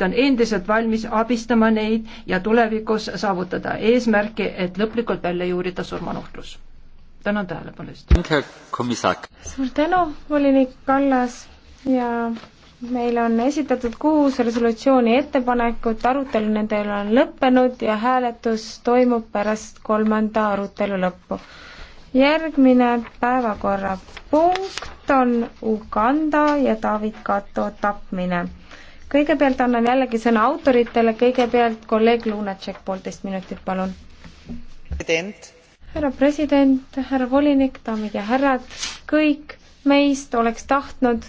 on endiselt valmis abistama neid ja tulevikus saavutada eesmärki, et lõplikult välja juurida surmanuhtlus. tänan tähelepanu eest. suur tänu, volinik Kallas ja meil on esitatud kuus resolutsiooni ettepanekut, arutelu nendel on lõppenud ja hääletus toimub pärast kolmanda arutelu lõppu. järgmine päevakorrapunkt on Uganda ja David Kato tapmine kõigepealt annan jällegi sõna autoritele, kõigepealt kolleeg Lunatšek, poolteist minutit, palun. president. härra president, härra volinik, daamid ja härrad, kõik meist oleks tahtnud,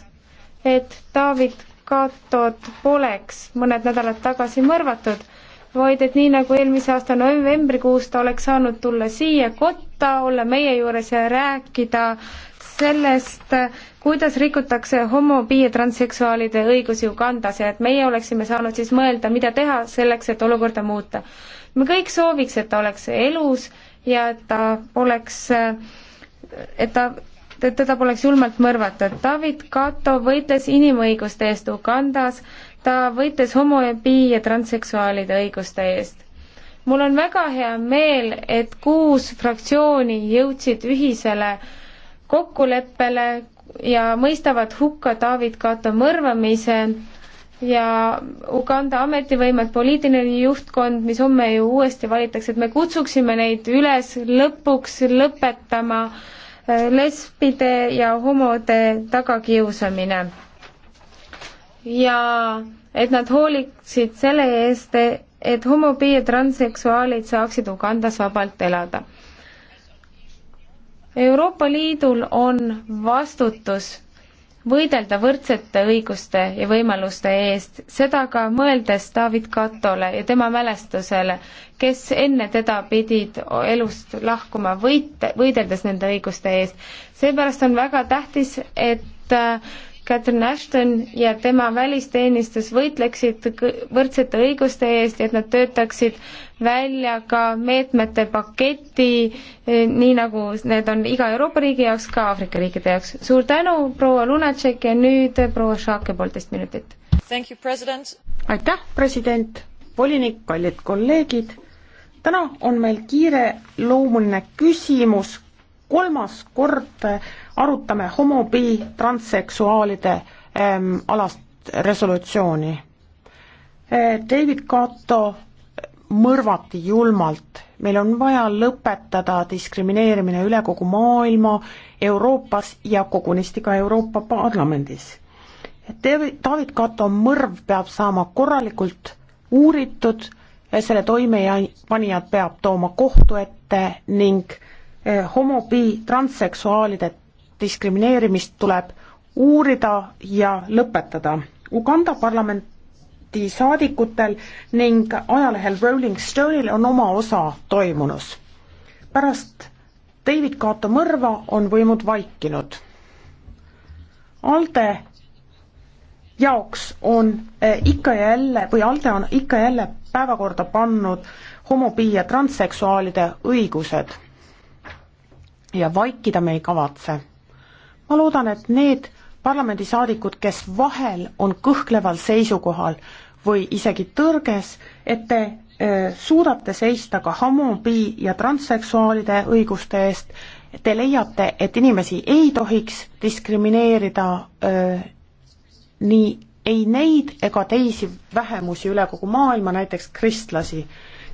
et David Katot poleks mõned nädalad tagasi mõrvatud, vaid et nii nagu eelmise aasta novembrikuus ta oleks saanud tulla siia kotta, olla meie juures ja rääkida sellest, kuidas rikutakse homo-, bi- ja transseksuaalide õigusi Ugandas ja et meie oleksime saanud siis mõelda, mida teha selleks, et olukorda muuta. me kõik sooviks, et ta oleks elus ja et ta oleks, et ta et teda poleks julmalt mõrvatud. David Kato võitles inimõiguste eest Ugandas, ta võitles homo- ja bi- ja transseksuaalide õiguste eest. mul on väga hea meel, et kuus fraktsiooni jõudsid ühisele äh, kokkuleppele ja mõistavad hukka David Kato mõrvamise ja Uganda ametivõimed, poliitiline juhtkond, mis homme ju uuesti valitakse, et me kutsuksime neid üles lõpuks lõpetama äh, lesbide ja homode tagakiusamine. ja et nad hooliksid selle eest, et homo-, bi- ja transseksuaalid saaksid Ugandas vabalt elada Euroopa Liidul on vastutus võidelda võrdsete õiguste ja võimaluste eest, seda ka mõeldes David Katole ja tema mälestusele, kes enne teda pidid elust lahkuma võit-, võideldes nende õiguste eest. seepärast on väga tähtis, et äh, Catherine Ashton ja tema välisteenistus võitleksid võrdsete õiguste eest ja et nad töötaksid välja ka meetmete paketi, eh, nii nagu need on iga Euroopa riigi jaoks, ka Aafrika riikide jaoks. suur tänu, proua Lunatšek ja nüüd proua Šake poolteist minutit. aitäh, president, volinik, kallid kolleegid. täna on meil kiireloomuline küsimus kolmas kord äh, arutame homo-, bi-, transseksuaalide ähm, alast resolutsiooni. Äh, David Cato mõrvati julmalt, meil on vaja lõpetada diskrimineerimine üle kogu maailma, Euroopas ja kogunisti ka Euroopa Parlamendis. David Cato mõrv peab saama korralikult uuritud, äh, selle toimepanijad peab tooma kohtu ette ning äh, homo-, bi-, transseksuaalide diskrimineerimist tuleb uurida ja lõpetada. Uganda parlamenti saadikutel ning ajalehel Rolling Stone'il on oma osa toimunus. pärast David Kaato mõrva on võimud vaikinud. ALDE jaoks on eh, ikka ja jälle või ALDE on ikka ja jälle päevakorda pannud homo-, bi- ja transseksuaalide õigused ja vaikida me ei kavatse ma loodan, et need parlamendisaadikud, kes vahel on kõhkleval seisukohal või isegi tõrges, et te suudate seista ka homobi- ja transseksuaalide õiguste eest, te leiate, et inimesi ei tohiks diskrimineerida öö, nii ei neid ega teisi vähemusi üle kogu maailma, näiteks kristlasi.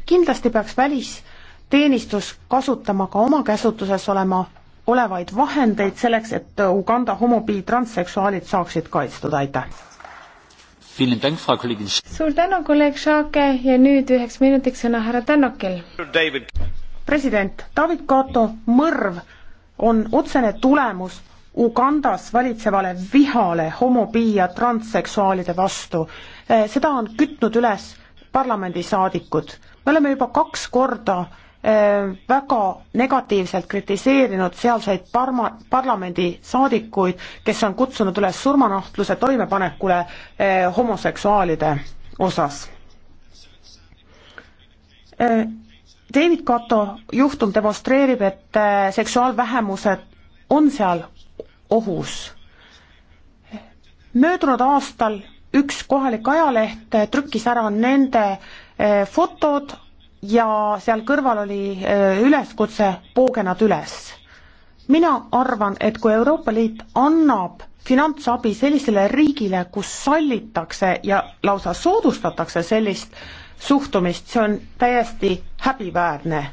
kindlasti peaks välisteenistus kasutama ka oma käsutuses olema olevaid vahendeid selleks, et Uganda homopiid transseksuaalid saaksid kaitstud, aitäh! suur tänu, kolleeg Šaake ja nüüd üheks minutiks sõna härra Tänokil. president David Kato mõrv on otsene tulemus Ugandas valitsevale vihale homobii ja transseksuaalide vastu. Eh, seda on kütnud üles parlamendisaadikud. me oleme juba kaks korda äh, Äh, väga negatiivselt kritiseerinud sealseid parma-, parlamendisaadikuid, kes on kutsunud üles surmanahtluse toimepanekule eh, homoseksuaalide osas eh,. David Cato juhtum demonstreerib, et eh, seksuaalvähemused on seal ohus. möödunud aastal üks kohalik ajaleht trükkis ära nende fotod ja seal kõrval oli äh, üleskutse pooge nad üles. mina arvan, et kui Euroopa Liit annab finantsabi sellisele riigile, kus sallitakse ja lausa soodustatakse sellist suhtumist, see on täiesti häbiväärne.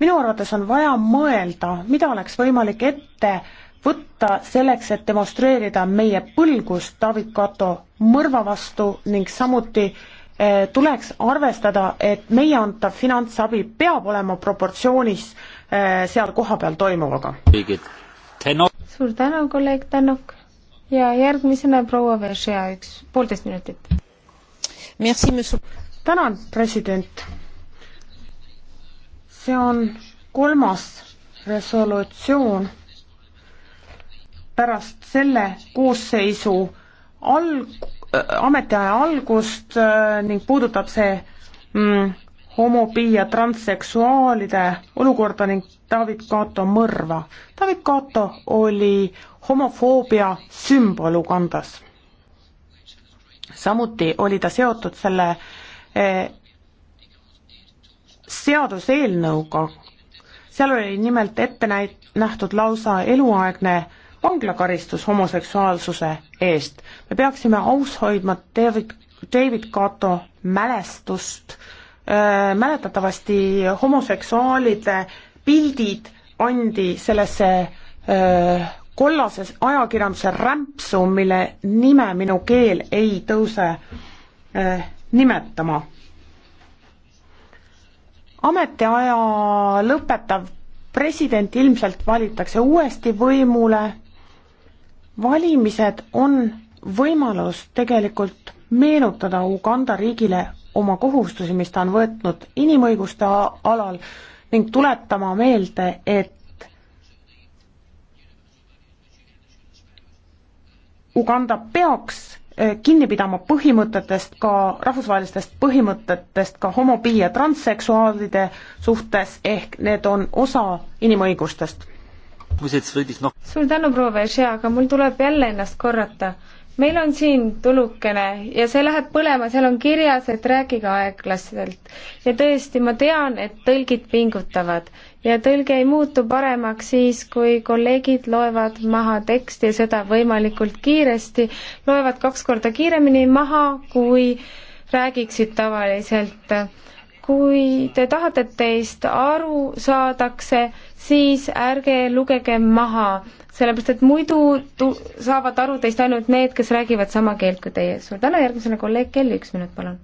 minu arvates on vaja mõelda, mida oleks võimalik ette võtta selleks, et demonstreerida meie põlgust David Kato mõrva vastu ning samuti äh, Eh, tuleks arvestada, et meie antav finantsabi peab olema proportsioonis eh, seal kohapeal toimuvaga. suur tänu, kolleeg Tänok ja järgmisena proua Veržea, üks poolteist minutit. tänan, president. see on kolmas resolutsioon pärast selle koosseisu alg-, Äh, ametiaja algust äh, ning puudutab see mm, homobi- ja transseksuaalide olukorda ning David Kato mõrva. David Kato oli homofoobia sümbol Ugandas. samuti oli ta seotud selle eh, seaduseelnõuga, seal oli nimelt ette näit-, nähtud lausa eluaegne vanglakaristus homoseksuaalsuse eest. me peaksime aus hoidma David, David Cato mälestust, mäletatavasti homoseksuaalide pildid andi sellesse öö, kollases ajakirjanduse rämpsu, mille nime minu keel ei tõuse öö, nimetama. ametiaja lõpetav president ilmselt valitakse uuesti võimule valimised on võimalus tegelikult meenutada Uganda riigile oma kohustusi, mis ta on võtnud inimõiguste alal ning tuletama meelde, et Uganda peaks eh, kinni pidama põhimõtetest, ka rahvusvahelistest põhimõtetest ka homo-, bi- ja transseksuaalide suhtes, ehk need on osa inimõigustest suur tänu, proua Veržea, aga mul tuleb jälle ennast korrata. meil on siin tulukene ja see läheb põlema, seal on kirjas, et rääkige aeglaselt. ja tõesti, ma tean, et tõlgid pingutavad ja tõlge ei muutu paremaks siis, kui kolleegid loevad maha teksti ja seda võimalikult kiiresti, loevad kaks korda kiiremini maha, kui räägiksid tavaliselt kui te tahate, et teist aru saadakse, siis ärge lugege maha, sellepärast et muidu tu-, saavad aru teist ainult need, kes räägivad sama keelt kui teie. suur tänu, järgmisena kolleeg Kelly, üks minut, palun.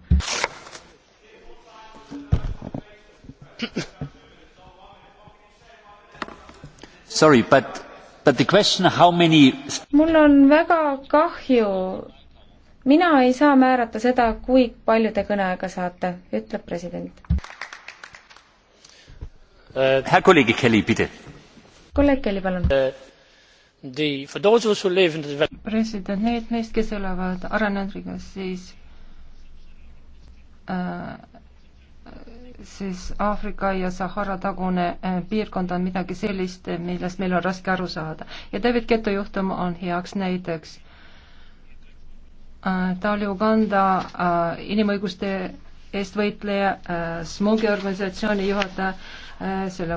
Sorry, but, but the question how many mul on väga kahju, mina ei saa määrata seda, kui palju te kõneaega saate, ütleb president. Äh, Herr Kollege Kelly, bitte. kolleeg Kelly, palun. Äh, president, need meist, kes elavad arenenud riigis, siis äh, siis Aafrika ja Sahara tagune äh, piirkond on midagi sellist, millest meil on raske aru saada. ja David Geto juhtum on heaks näiteks äh, Äh, ta oli Uganda äh, inimõiguste eest võitleja, äh, Smugi organisatsiooni juhataja, selle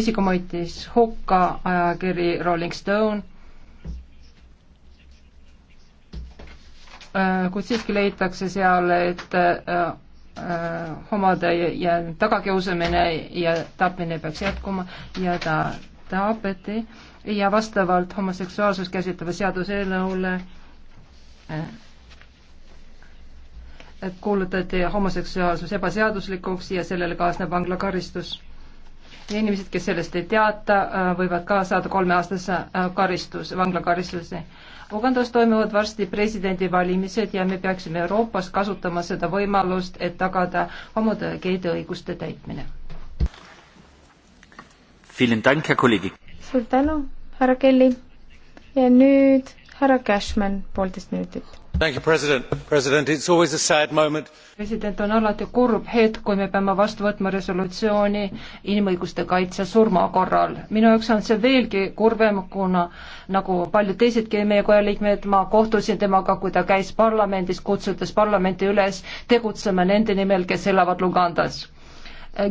isiku mõõtis hukka ajakiri Rolling Stone. kuid siiski leitakse seal, et homode ja tagakiusamine ja tapmine peaks jätkuma ja ta tapeti ja vastavalt homoseksuaalsust käsitleva seaduseelnõule kuulutati homoseksuaalsus ebaseaduslikuks ja sellele kaasneb vanglakaristus. ja inimesed, kes sellest ei teata, äh, võivad ka saada kolmeaastase äh, karistus, vanglakaristuse. Ugandas toimuvad varsti presidendivalimised ja me peaksime Euroopas kasutama seda võimalust, et tagada homode ja geide õiguste täitmine. suur tänu, härra Kelly. ja nüüd härra Cashman, poolteist minutit. president, president, president on alati kurb hetk, kui me peame vastu võtma resolutsiooni inimõiguste kaitse surma korral. minu jaoks on see veelgi kurvem, kuna nagu paljud teisedki meie koja liikmed, ma kohtusin temaga, kui ta käis parlamendis, kutsudes parlamenti üles tegutsema nende nimel, kes elavad Lugandas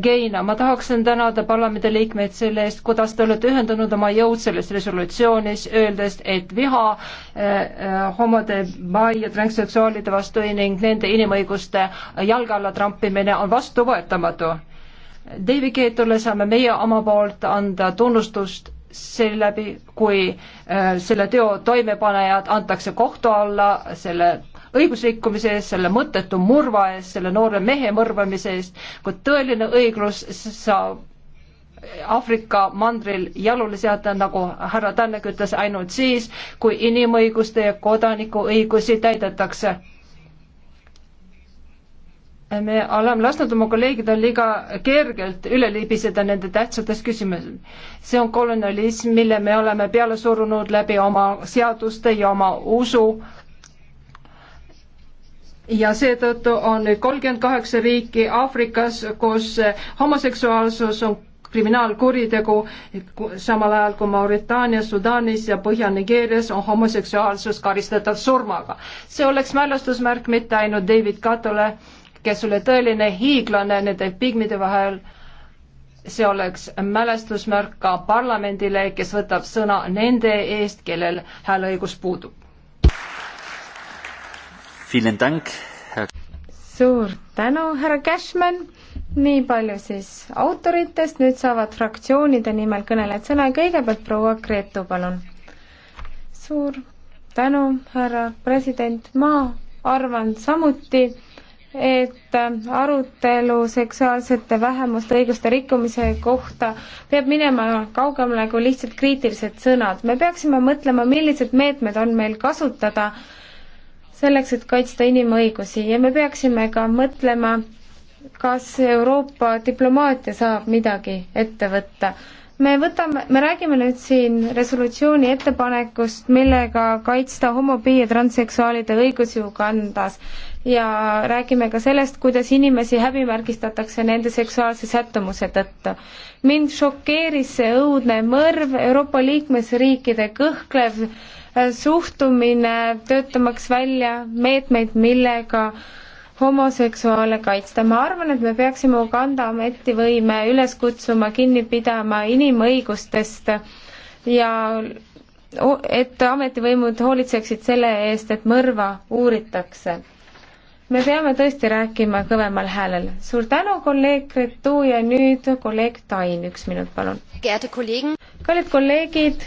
Geina, ma tahaksin tänada parlamendi liikmeid selle eest, kuidas te olete ühendanud oma jõud selles resolutsioonis, öeldes, et viha eh, homode, bai ja transseksuaalide vastu ning nende inimõiguste jalge alla trampimine on vastuvõetamatu. David Keetole saame meie oma poolt anda tunnustust seeläbi, kui eh, selle teo toimepanejad antakse kohtu alla, selle õigusrikkumise eest, selle mõttetu murva eest, selle noore mehe mõrvamise eest, kui tõeline õiglus saab Aafrika mandril jalule seada, nagu härra Tannek ütles, ainult siis, kui inimõiguste ja kodanikuõigusi täidetakse. me oleme lasknud oma kolleegidel liiga kergelt üle libiseda nende tähtsates küsimustes. see on kolonialism, mille me oleme peale surunud läbi oma seaduste ja oma usu äh, ja seetõttu on nüüd kolmkümmend kaheksa riiki Aafrikas, kus homoseksuaalsus on kriminaalkuritegu, samal ajal kui Mauritaanias, Sudaanis ja Põhja-Nigeerias on homoseksuaalsus karistatav surmaga. see oleks mälestusmärk mitte ainult David Katole, kes oli tõeline hiiglane nende pigmide vahel, see oleks mälestusmärk ka parlamendile, kes võtab sõna nende eest, kellel hääleõigus puudub suur tänu, härra Cashman. nii palju siis autoritest, nüüd saavad fraktsioonide nimel kõnelejad sõna ja kõigepealt proua Gretu, palun. suur tänu, härra president, ma arvan samuti et arutelu seksuaalsete vähemuste õiguste rikkumise kohta peab minema kaugemale kui lihtsalt kriitilised sõnad. me peaksime mõtlema, millised meetmed on meil kasutada äh, selleks, et kaitsta inimõigusi ja me peaksime ka mõtlema, kas Euroopa diplomaatia saab midagi ette võtta. me võtame, me räägime nüüd siin resolutsiooni ettepanekust, millega kaitsta homo-, bi- ja transseksuaalide õigusi Ugandas ja räägime ka sellest, kuidas inimesi häbimärgistatakse nende seksuaalse sättumuse tõttu. mind šokeeris see õudne mõrv, Euroopa liikmesriikide kõhklev suhtumine, töötamaks välja meetmeid, millega homoseksuaale kaitsta. ma arvan, et me peaksime Uganda ametivõime üles kutsuma kinni pidama inimõigustest ja et ametivõimud hoolitseksid selle eest, et mõrva uuritakse. me peame tõesti rääkima kõvemal häälel. suur tänu, kolleeg Gretu ja nüüd kolleeg Tain, üks minut, palun. kallid kolleegid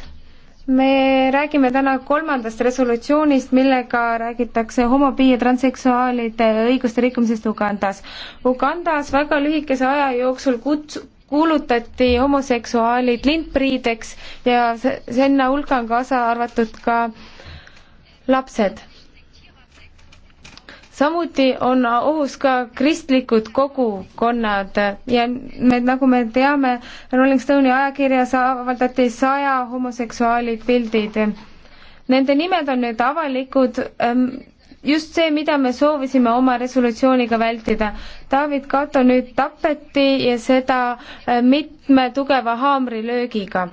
me räägime täna kolmandast resolutsioonist, millega räägitakse homobi- ja transseksuaalide õiguste rikkumisest Ugandas. Ugandas väga lühikese aja jooksul kuts-, kuulutati homoseksuaalid lindpriideks ja sinna hulka on kaasa arvatud ka lapsed samuti on ohus ka kristlikud kogukonnad ja me, nagu me teame, Rolling Stone'i ajakirjas avaldati saja homoseksuaali pildid. Nende nimed on nüüd avalikud, ehm, just see, mida me soovisime oma resolutsiooniga vältida. David Kato nüüd tapeti ja seda ehm, mitme tugeva haamrilöögiga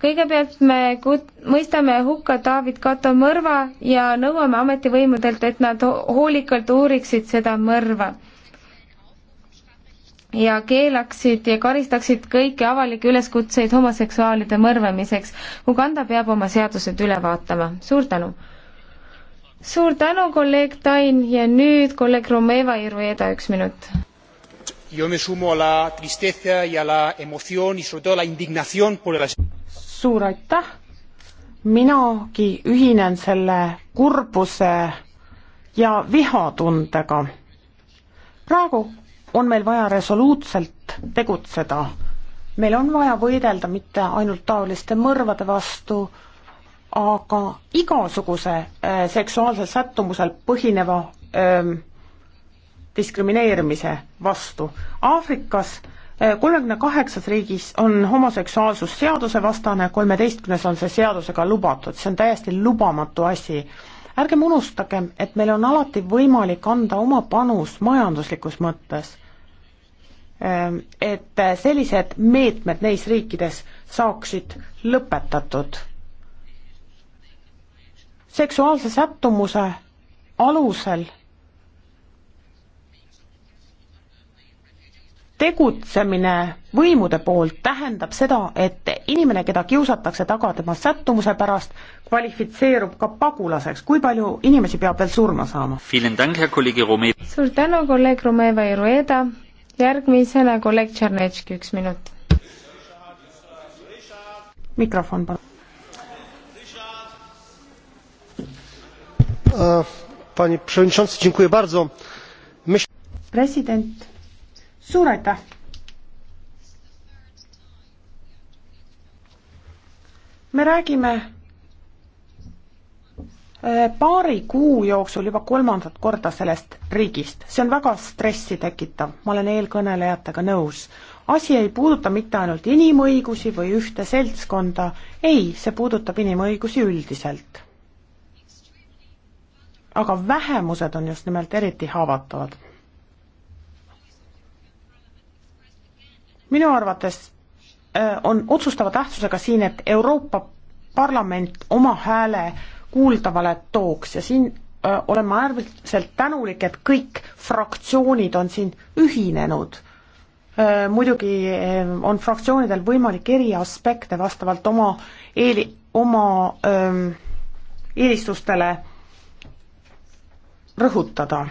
kõigepealt me kut-, mõistame hukka David Kato mõrva ja nõuame ametivõimudelt, et nad hoolikalt uuriksid seda mõrva ja keelaksid ja karistaksid kõiki avalikke üleskutseid homoseksuaalide mõrvamiseks. Uganda peab oma seadused üle vaatama. suur tänu! suur tänu, kolleeg Tain ja nüüd kolleeg Romeva Irueda, üks minut. Yo me sumo a la tristeza y a la emoción y sobre todo a la indignación por el asunto suur aitäh, minagi ühinen selle kurbuse ja vihatundega. praegu on meil vaja resoluutselt tegutseda. meil on vaja võidelda mitte ainult taoliste mõrvade vastu, aga igasuguse äh, seksuaalsel sättumusel põhineva öö, äh, diskrimineerimise vastu. Aafrikas äh, kolmekümne kaheksas riigis on homoseksuaalsus seadusevastane, kolmeteistkümnes on see seadusega lubatud, see on täiesti lubamatu asi. ärgem unustagem, et meil on alati võimalik anda oma panus majanduslikus mõttes. Ehm, et sellised meetmed neis riikides saaksid lõpetatud. seksuaalse sättumuse alusel tegutsemine võimude poolt tähendab seda, et inimene, keda kiusatakse taga tema sättumuse pärast, kvalifitseerub ka pagulaseks, kui palju inimesi peab veel surma saama? suur tänu, kolleeg Romeva ja Rueda, järgmisena kolleeg Tšernetški, üks minut. mikrofon, palun uh,. Äh, Panie przewodniczący, dziękuję bardzo. Myśl... President suur aitäh! me räägime äh, paari kuu jooksul juba kolmandat korda sellest riigist, see on väga stressi tekitav, ma olen eelkõnelejatega nõus. asi ei puuduta mitte ainult inimõigusi või ühte seltskonda, ei, see puudutab inimõigusi üldiselt. aga vähemused on just nimelt eriti haavatavad minu arvates äh, on otsustava tähtsusega siin, et Euroopa Parlament oma hääle kuuldavale tooks ja siin öö, äh, olen ma äärmiselt tänulik, et kõik fraktsioonid on siin ühinenud. Äh, muidugi öö, on fraktsioonidel võimalik eri aspekte vastavalt oma eeli, oma öö, ähm, eelistustele rõhutada.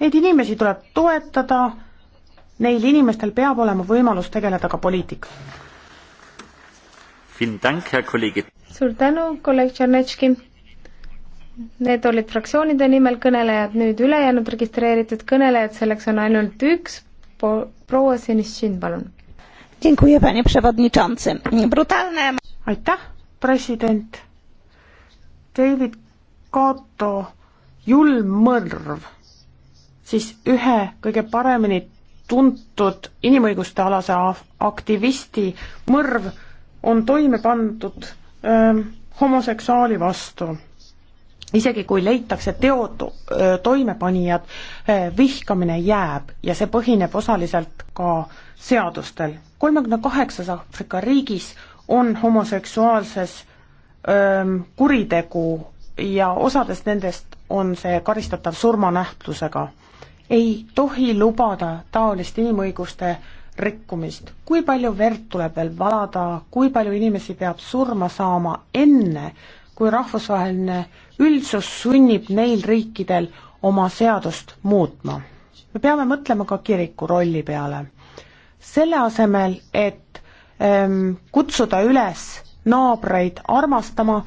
Neid inimesi tuleb toetada neil inimestel peab olema võimalus tegeleda ka poliitikaga. suur tänu, kolleeg Tšernetški. Need olid fraktsioonide nimel kõnelejad, nüüd ülejäänud registreeritud kõnelejad, selleks on ainult üks, proua Sinišin, palun. aitäh, president. David Kato julm mõrv siis ühe kõige paremini tuntud inimõiguste alase aktivisti mõrv on toime pandud öö, ähm, homoseksuaali vastu. isegi kui leitakse teo toimepanijad, äh, vihkamine jääb ja see põhineb osaliselt ka seadustel. kolmekümne kaheksas Aafrika riigis on homoseksuaalses öö, ähm, kuritegu ja osades nendest on see karistatav surmanähtusega ei tohi lubada taolist inimõiguste rikkumist. kui palju verd tuleb veel valada, kui palju inimesi peab surma saama enne, kui rahvusvaheline üldsus sunnib neil riikidel oma seadust muutma? me peame mõtlema ka kiriku rolli peale. selle asemel, et ähm, kutsuda üles naabreid armastama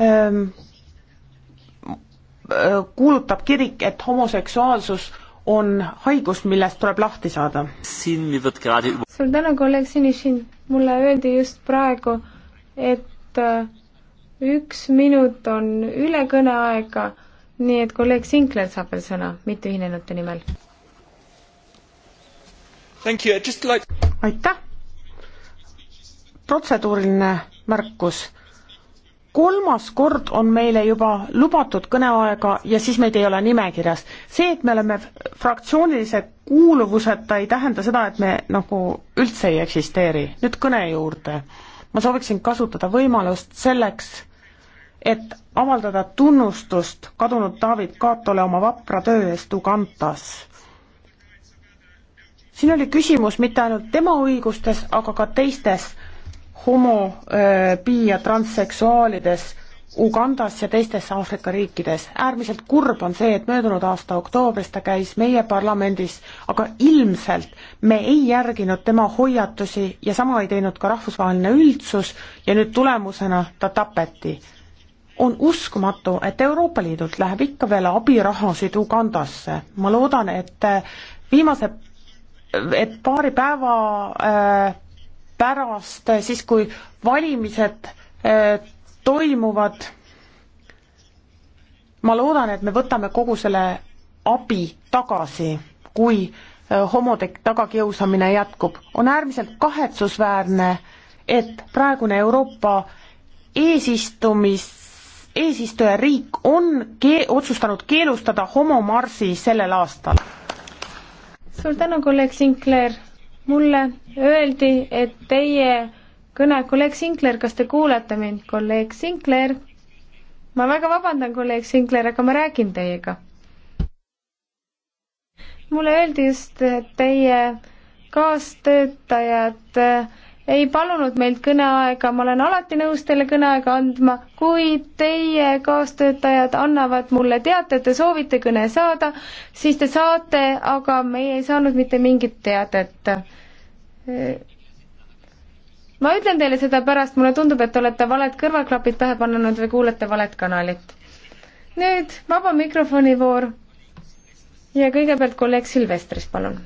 ähm,, kuulutab kirik, et homoseksuaalsus on haigus, millest tuleb lahti saada. suur tänu, kolleeg Sinišin. mulle öeldi just praegu, et äh, üks minut on üle kõneaega, nii et kolleeg Sinkler saab veel sõna mitteühinenute nimel. Like... aitäh! protseduuriline märkus kolmas kord on meile juba lubatud kõneaega ja siis meid ei ole nimekirjas. see, et me oleme fraktsioonilise kuuluvuseta, ei tähenda seda, et me nagu üldse ei eksisteeri. nüüd kõne juurde. ma sooviksin kasutada võimalust selleks, et avaldada tunnustust kadunud David Kaatole oma vapra töö eest Ugandas. siin oli küsimus mitte ainult tema õigustes, aga ka teistes homo-, bi- ja transseksuaalides Ugandas ja teistes Aafrika riikides. äärmiselt kurb on see, et möödunud aasta oktoobris ta käis meie parlamendis, aga ilmselt me ei järginud tema hoiatusi ja sama ei teinud ka rahvusvaheline üldsus ja nüüd tulemusena ta tapeti. on uskumatu, et Euroopa Liidult läheb ikka veel abirahasid Ugandasse. ma loodan, et äh, viimase, et paari päeva äh, pärast äh, siis, kui valimised äh, toimuvad. ma loodan, et me võtame kogu selle abi tagasi, kui äh, homode tagakiusamine jätkub. on äärmiselt kahetsusväärne, et praegune Euroopa eesistumis, eesistujariik on kee-, otsustanud keelustada homomarsi sellel aastal. suur tänu, kolleeg Sinkler mulle öeldi, et teie kõne, kolleeg Sinkler, kas te kuulete mind? kolleeg Sinkler, ma väga vabandan, kolleeg Sinkler, aga ma räägin teiega. mulle öeldi just, et teie kaastöötajad äh, ei palunud meilt kõneaega, ma olen alati nõus teile kõneaega andma, kuid teie kaastöötajad annavad mulle teate, et te soovite kõne saada, siis te saate, aga meie ei saanud mitte mingit teadet. ma ütlen teile seda pärast, mulle tundub, et olete valed kõrvaklapid pähe pannud või kuulete valet kanalit. nüüd vaba mikrofoni voor ja kõigepealt kolleeg Silvestris, palun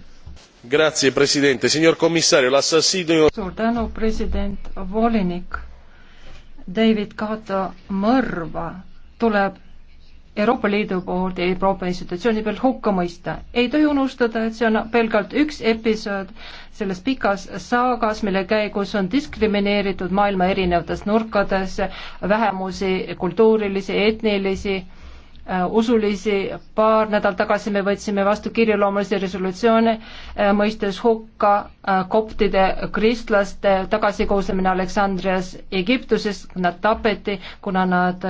Grazie, president, signor commissario, l'assassino. suur tänu, president, volinik. David Kato mõrva tuleb Euroopa Liidu poolt ja Euroopa institutsiooni pealt hukka mõista. ei tohi unustada, et see on pelgalt üks episood selles pikas saagas, mille käigus on diskrimineeritud maailma erinevates nurkades vähemusi, kultuurilisi, etnilisi Äh, usulisi, paar nädalat tagasi me võtsime vastu kirjaloomulisi resolutsioone, äh, mõistes hukka äh, koptide kristlaste tagasikooslemine Aleksandrias Egiptuses, nad tapeti, kuna nad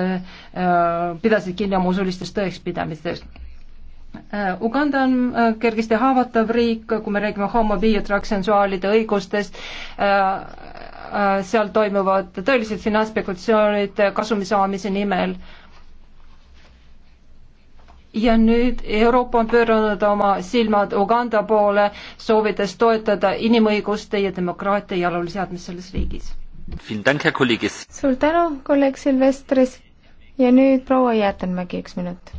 pidasid kinni oma usulistest tõekspidamistest. Uganda on kergesti haavatav riik, kui me räägime homo-, biotraksensuaalide õigustest, seal toimuvad tõelised finantsspekulatsioonid kasumi saamise nimel ja nüüd Euroopa on pööranud oma silmad Uganda poole, soovides toetada inimõiguste ja demokraatia jaluleseadmist selles riigis. suur tänu, kolleeg Silvestris ja nüüd proua Jäätenmägi, üks minut.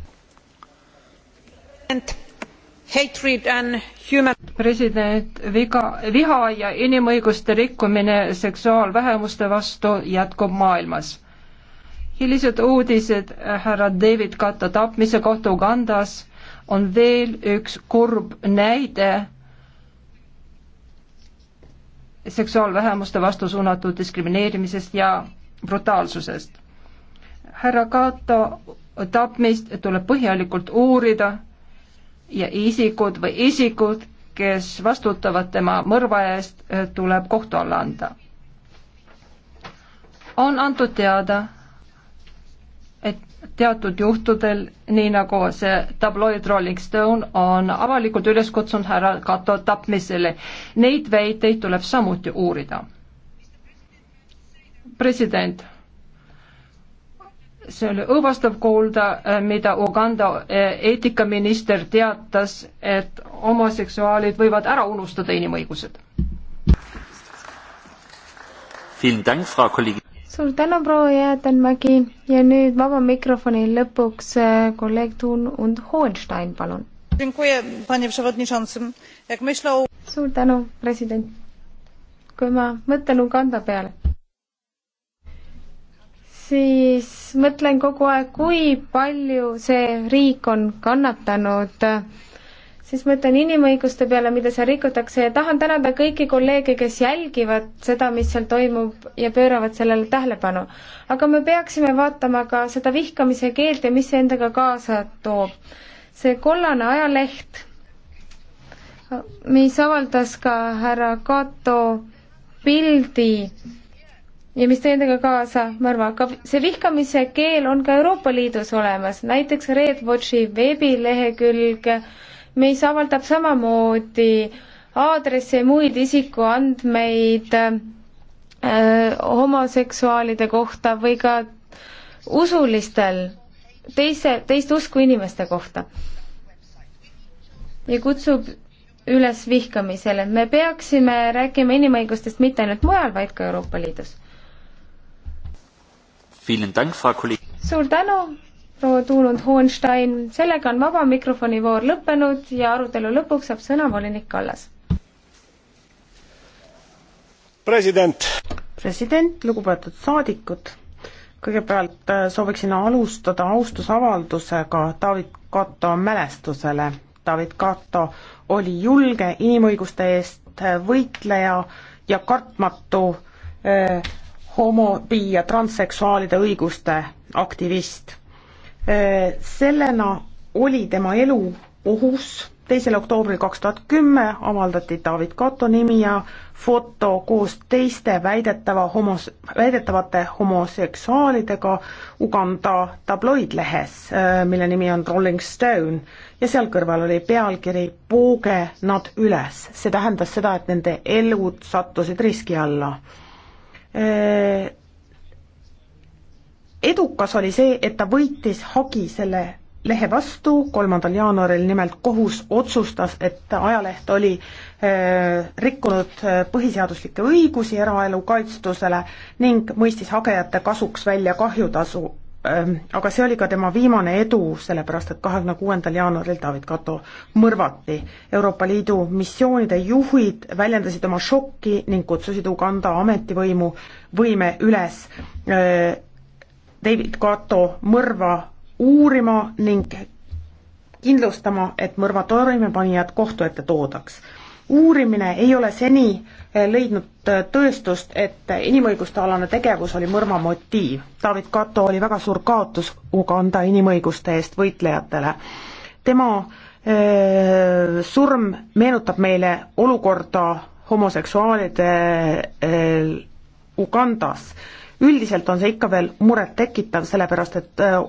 Human... president, viga, viha ja inimõiguste rikkumine seksuaalvähemuste vastu jätkub maailmas hiljutised uudised äh, härra David Katta tapmise kohta Ugandas on veel üks kurb näide seksuaalvähemuste vastu suunatud diskrimineerimisest ja brutaalsusest. härra Kato tapmist tuleb põhjalikult uurida ja isikud või isikud, kes vastutavad tema mõrva eest, äh, tuleb kohtu alla anda. on antud teada, et teatud juhtudel, nii nagu see tabloid Rolling Stone on avalikult üles kutsunud härra Kato tapmisele. Neid väiteid tuleb samuti uurida. president, see oli õõvastav kuulda, äh, mida Uganda äh, eetikaminister teatas, et homoseksuaalid võivad ära unustada inimõigused suur tänu, proua Jäätenmägi ja nüüd vaba mikrofoni lõpuks äh, kolleeg Thun und Hohenstein, palun. suur tänu, president. kui ma mõtlen Uganda peale, siis mõtlen kogu aeg, kui palju see riik on kannatanud äh, siis mõtlen inimõiguste peale, mida seal rikutakse ja tahan tänada kõiki kolleege, kes jälgivad seda, mis seal toimub ja pööravad sellele tähelepanu. aga me peaksime vaatama ka seda vihkamise keelt ja mis see endaga kaasa toob. see kollane ajaleht, mis avaldas ka härra Kato pildi ja mis tõi endaga kaasa mõrva, aga see vihkamise keel on ka Euroopa Liidus olemas, näiteks Red Watchi veebilehekülg, mis avaldab samamoodi aadresse ja muid isikuandmeid äh, homoseksuaalide kohta või ka usulistel, teise, teist usku inimeste kohta. ja kutsub üles vihkamisele, me peaksime rääkima inimõigustest mitte ainult mujal, vaid ka Euroopa Liidus. suur tänu, proua Tuulund Hohenstein, sellega on vaba mikrofoni voor lõppenud ja arutelu lõpuks saab sõna volinik Kallas. president. president, lugupeetud saadikud, kõigepealt äh, sooviksin alustada austusavaldusega David Kato mälestusele. David Kato oli julge inimõiguste eest äh, võitleja ja kartmatu eh, homo-, bi- ja transseksuaalide õiguste aktivist Äh, sellena oli tema elu ohus, teisel oktoobril kaks tuhat kümme avaldati David Kato nimi ja foto koos teiste väidetava homos, väidetavate homoseksuaalidega Uganda tabloidlehes, äh, mille nimi on Rolling Stone, ja seal kõrval oli pealkiri Pooge nad üles, see tähendas seda, et nende elud sattusid riski alla äh, edukas oli see, et ta võitis hagi selle lehe vastu, kolmandal jaanuaril nimelt kohus otsustas, et ajaleht oli äh, rikkunud äh, põhiseaduslikke õigusi eraelu kaitstusele ning mõistis hagejate kasuks välja kahjutasu ähm,. aga see oli ka tema viimane edu, sellepärast et kahekümne kuuendal jaanuaril David Kato mõrvati. Euroopa Liidu missioonide juhid väljendasid oma šokki ning kutsusid Uganda ametivõimu, võime üles äh, David Kato mõrva uurima ning kindlustama, et mõrva toimepanijad kohtu ette toodaks. uurimine ei ole seni eh, leidnud eh, tõestust, et inimõiguste alane tegevus oli mõrva motiiv. David Kato oli väga suur kaotus Uganda inimõiguste eest võitlejatele. tema öö, eh, surm meenutab meile olukorda homoseksuaalide öö, Ugandas üldiselt on see ikka veel murettekitav, sellepärast et äh,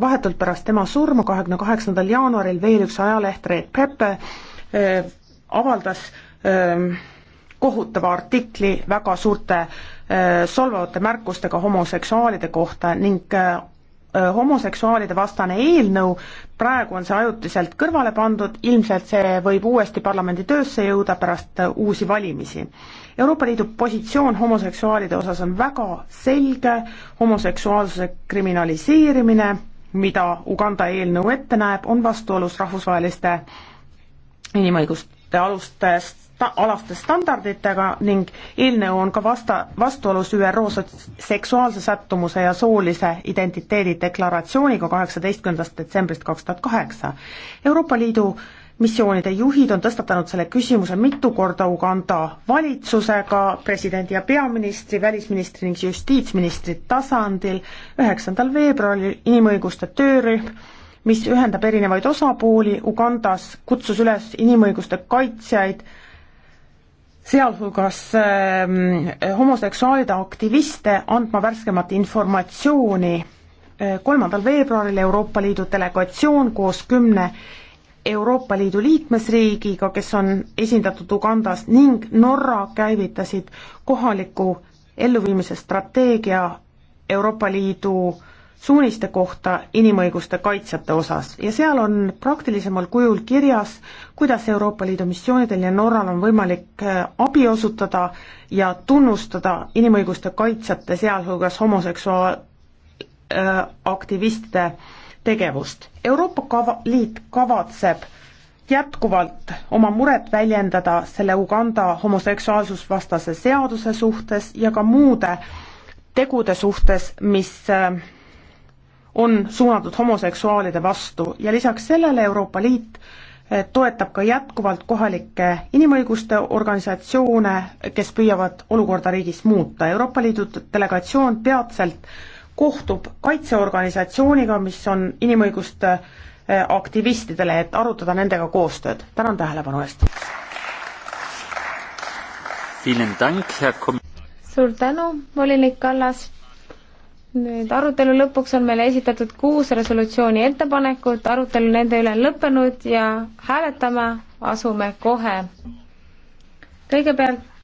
vahetult pärast tema surma, kahekümne kaheksandal jaanuaril veel üks ajaleht Red Pepe äh, avaldas äh, kohutava artikli väga suurte äh, solvavate märkustega homoseksuaalide kohta ning äh, äh, homoseksuaalide vastane eelnõu, praegu on see ajutiselt kõrvale pandud, ilmselt see võib uuesti parlamendi töösse jõuda pärast äh, uusi valimisi. Euroopa Liidu positsioon homoseksuaalide osas on väga selge, homoseksuaalsuse kriminaliseerimine, mida Uganda eelnõu ette näeb, on vastuolus rahvusvaheliste inimõiguste alustest ta-, alaste standarditega ning eelnõu on ka vasta, vastuolus ÜRO seksuaalse sättumuse ja soolise identiteedi deklaratsiooniga kaheksateistkümnendast detsembrist kaks tuhat kaheksa. Euroopa Liidu äh, missioonide juhid on tõstatanud selle küsimuse mitu korda Uganda valitsusega, presidendi ja peaministri, välisministri ning justiitsministri tasandil, üheksandal veebruaril inimõiguste töörühm, mis ühendab erinevaid osapooli Ugandas, kutsus üles inimõiguste kaitsjaid, sealhulgas äh, homoseksuaalide aktiviste andma värskemat informatsiooni. Äh, kolmandal veebruaril Euroopa Liidu delegatsioon koos kümne Euroopa Liidu liikmesriigiga, kes on esindatud Ugandas ning Norra käivitasid kohaliku elluviimise strateegia Euroopa Liidu suuniste kohta inimõiguste kaitsjate osas ja seal on praktilisemal kujul kirjas, kuidas Euroopa Liidu missioonidel ja Norral on võimalik äh, abi osutada ja tunnustada inimõiguste kaitsjate, sealhulgas homoseksuaal- äh,, aktivistide äh, tegevust. Euroopa kava, Liit kavatseb jätkuvalt oma muret väljendada selle Uganda homoseksuaalsusvastase seaduse suhtes ja ka muude tegude suhtes, mis äh, on suunatud homoseksuaalide vastu ja lisaks sellele Euroopa Liit äh, toetab ka jätkuvalt kohalikke inimõiguste organisatsioone, kes püüavad olukorda riigis muuta. Euroopa Liidu delegatsioon peatselt kohtub kaitseorganisatsiooniga, mis on inimõiguste eh, aktivistidele, et arutada nendega koostööd. tänan tähelepanu eest! suur tänu, volinik Kallas! nüüd arutelu lõpuks on meile esitatud kuus resolutsiooni ettepanekut, arutelu nende üle on lõppenud ja hääletama asume kohe. kõigepealt